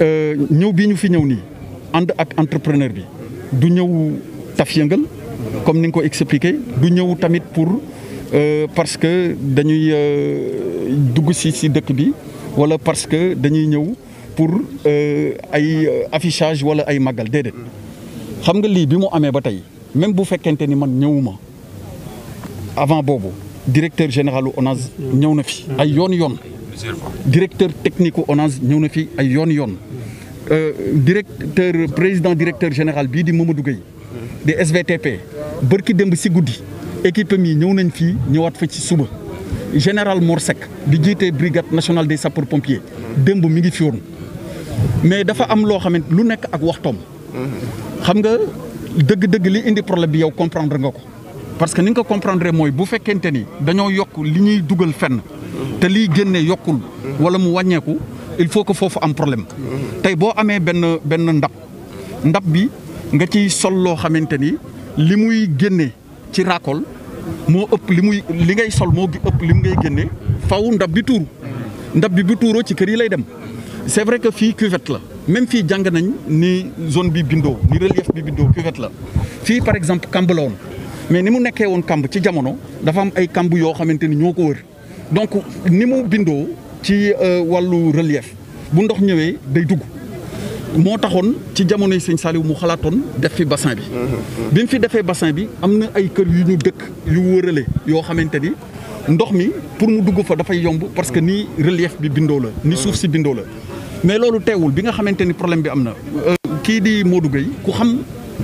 Euh, ñëw bii ñu fi ñëw nii ànd ak entrepreneur bi du ñëw taf yëngal comme ni nga ko expliqué du ñëw tamit pour euh, parce que dañuy euh, dugg si si dëkk bi wala parce que dañuy ñëw pour ay affichage wala ay màggal déedéet xam nga lii bi mu amee ba tey même bu fekkente ni man ñëwuma avant boobu directeur général ONAS ñëw na fi ay yoon yoon directeur technique ONAS ñëw na fi ay yoon yoon euh, directeur président directeur général bii di Mamadou Gueye di SVTP bërki démb si guddi équipe am yi ñëw nañ fii ñëwaat fa ci suba général Morsek di jiite brigade nationale des sapeurs pompiers démb mi ngi fi woon mais dafa am loo xamante lu nekk ak waxtoom xam nga dëgg-dëgg li indi problème bi yow comprendre nga ko parce que ni nga ko comprendre mooy bu fekkente ni dañoo yokk li ñuy dugal fenn te liy génne yokkul wala mu wàññeeku il faut que foofu am problème tey boo amee benn benn ndab ndab bi nga ci sol loo xamante ni li muy génne ci récolte moo ëpp li muy li ngay sol moo ëpp li mu ngay génne faw ndab bi tuur ndab bi bi tuuroo ci kër yi lay dem c'est vrai que fii cuvette la même fii jàng nañ ni zone bi bindoo ni relief bi bindoo cuvette la fii par exemple kamb la woon mais ni mu nekkee woon kamb ci jamono dafa am ay kamb yoo xamante ni ñoo ko donc ni mu bindoo ci euh, wàllu relief bu ndox ñëwee day dugg moo taxoon ci jamonoy sëñ Saliou mu xalaatoon def fi bassin bi. Mm-hmm. bi mu fi defee bassin bi am na ay kër yu ñu dëkk yu wërale yoo xamante ni ndox mi pour mu dugg fa dafay yomb parce que ni relief bi bindoo la. ni suuf si mm-hmm. bindoo la mais loolu teewul bi nga xamante ni problème bi am na. Euh, kii di Modou Gueye ku xam.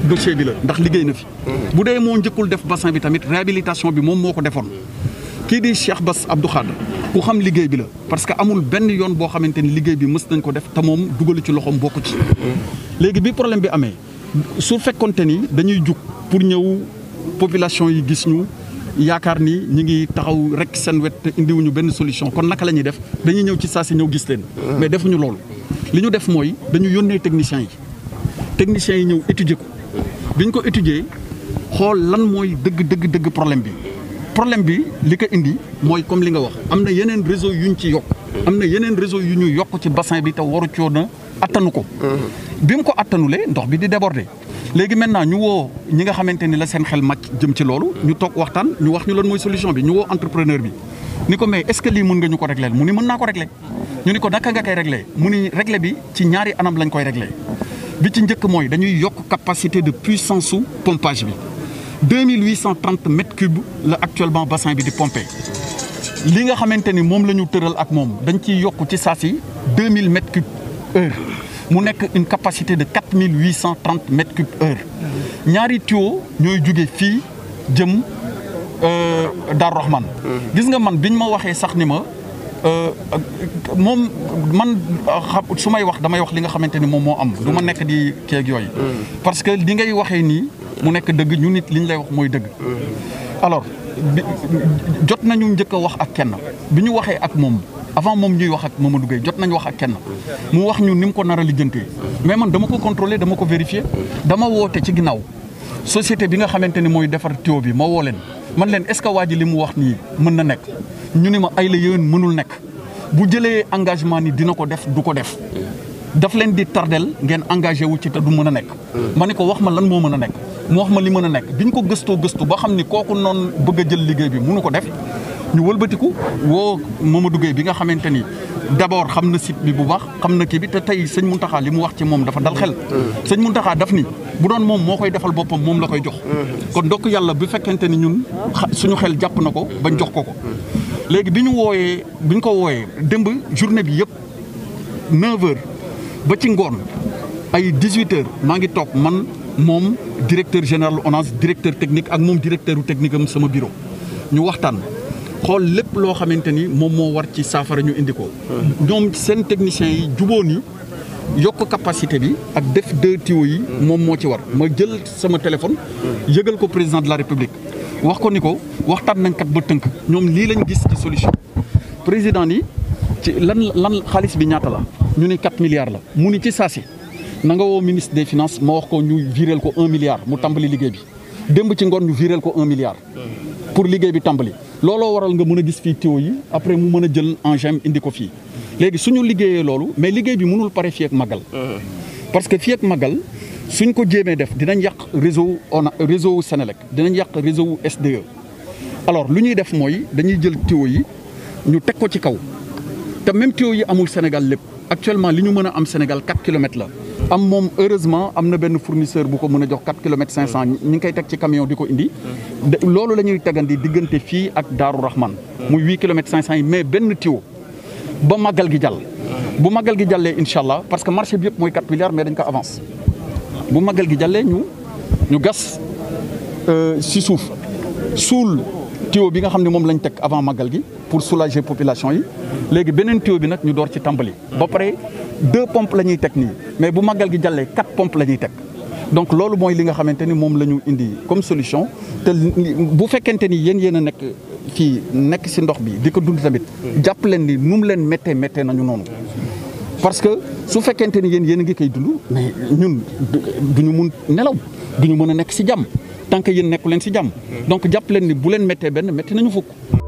dossier bi la ndax liggéey na fi. Mm-hmm. bu dee moo njëkkul def bassin bi tamit réhabilitation bi moom moo ko defoon. kii di Cheikh Bass Abdou Khadre ku xam liggéey bi la parce que amul benn yoon boo xamante ni liggéey bi mës nañ ko def te moom dugalu ci loxoom bokku ci. léegi bi problème bi amee su fekkonte ni dañuy jug pour ñëw population yi gis ñu yaakaar ni ñu ngi taxaw rek seen wet te indiwuñu benn solution kon naka la ñuy def dañuy ñëw ci saa si ñëw gis leen. mais defuñu loolu. li ñu def mooy dañu yónnee techniciens yi techniciens yi ñëw étudier ko bi ñu ko étudier xool lan mooy dëgg dëgg problème bi. problème bi li ko indi mooy comme li nga wax am na yeneen réseau yu ñu ci yokk. am na yeneen réseau yu ñu yokk ci basan bi te waru coona attanu ko. Mhm. bi mu ko attanulee ndox bi di déborder. léegi naa ñu woo ñi nga xamante ni la seen xel màcc jëm ci loolu. ñu toog waxtaan ñu wax ñu lan mooy solution bi ñu woo entrepreneur bi. ni ko mais est-ce que lii mën nga ñu ko régler mu ni mën naa ko régler. ñu ni ko naka nga koy régler mu ni régler bi ci ñaari anam lañ koy régler. bi ci njëkk mooy dañuy yokk capacité de puissance su pompage bi. 2830 mètres cubes la actuellement bassin bi di pompé li nga xamante ni moom la ñu tëral ak moom dañ ciy yokk ci saa si 2000 mètres heure mu nekk une capacité de 4830 mètres cubes heure ñaari tuyaux ñooy jóge fii jëm euh, Darou Rahman gis nga man biñ ma waxee sax ni ma euh, moom man su may wax damay wax li nga xamante ni moom moo am du ma nekk di keeg yooyu mm. parce que li ngay waxee nii mu nekk dëgg ñu nit li ñu lay wax mooy dëgg alors jot nañu njëkk a wax ak kenn bi ñu waxee ak moom avant moom ñuy wax ak ma duggee jot nañu wax ak kenn mu wax ñu ni mu ko nar a lijjantee mais man dama ko contrôler dama ko vérifier dama woote ci ginnaaw société bi nga xamante ni mooy defar tuyau bi ma woo leen man leen est-ce que waa ji li mu wax nii mën na nekk ñu ni ma ay la mënul nekk bu jëlee engagement ni dina ko def du ko def daf leen di tardel ngeen engagé wu ci te du mën a nekk ma ne ko wax ma lan moo mën a nekk mu wax ma li mën a nekk biñ ko gëstoo gëstu ba xam ni kooku noon bëgg jël liggéey bi mënu ko def ñu wëlbatiku woo Mamadou Gueye bi nga xamante ni d'abord xam na site bi bu baax xam na kii bi te tey sëñ Mountakha li mu wax ci moom dafa dal xel. Mm. sëñ Mountakha daf ni bu doon moom moo koy defal boppam moom la koy jox. Mm. kon ndokk yàlla bu fekkente ni ñun suñu xel jàpp na ko bañ jox ko ko. Mm. léegi bi ñu wooyee bi ñu ko wooyee démb journée bi yëpp 9h ba ci ngoon ay 18 maa ngi toog man. moom directeur général ONAS directeur technique ak moom directeur technique am sama bureau ñu waxtaan xool lépp loo xamante ni moom moo war ci saafara ñu indi ko. ñoom seen techniciens yi juboo ni yokk capacité bi ak def deux tuyaux yi. moom moo ci war ma jël sama téléphone. yëgal ko président de la république. wax ko ni ko waxtaan nañ kat ba tënk ñoom lii lañ gis ci solution président ni ci lan lan xaalis bi ñaata la ñu ni 4 milliards la mu ni ci saasi. nanga woo ministre de finances ma wax ko ñu viréel ko un milliard mu tàmbali liggéey bi démb ci ngoon ñu viréel ko un milliard pour liggéey bi tàmbali looloo waral nga mën a gis fii tuyau yi après mu mën a jël engin indi ko fii léegi suñu liggéeyee loolu mais liggéey bi mënul pare fii ak màggal parce que fii ak màggal suñ ko jéemee def dinañ yàq réseau on réseau Sénélec dinañ yàq réseau SDE alors lu ñuy def mooy dañuy jël tuyau yi ñu teg ko ci kaw te même tuyau yi amul Sénégal lépp actuellement li ñu mën a am Sénégal 4 kilomètres la am moom heureusement am na benn fournisseur bu ko mën a jox 4 kilomètres 500 ñi ngi koy teg ci camion di ko indi. loolu la ñuy tegandi diggante fii ak Daaru Rahman. muy 8 kilomètres 500 yi mais benn tuyau ba màggal gi jàll. bu maggal gi jàllee incha allah parce que marché bi yëpp mooy 4 milliards mais dañ ko avance bu màggal gi jàllee ñu ñu gas euh, si suuf suul. tuyau bi nga xam ne moom lañu teg avant màggal gi pour soulager population yi léegi beneen tuyau bi nag ñu door ci tàmbali. ba pare deux pompes la ñuy teg nii mais bu màggal gi jàllee quatre pompes la ñuy teg. donc loolu mooy li nga xamante ni moom la ñu indi comme solution te bu fekkente ni yéen yéen a nekk ci nekk si ndox bi di ko dund tamit. jàpp leen ni nu leen méttee méttee nañu noonu. parce que su fekkente ni yéen yéen a ngi koy dund mais ñun du ñu mun nelaw du mën a nekk si jàmm. tant que yéen nekku leen si jàmm mm. donc jàpp leen ni bu leen méttee benn métti nañu fukk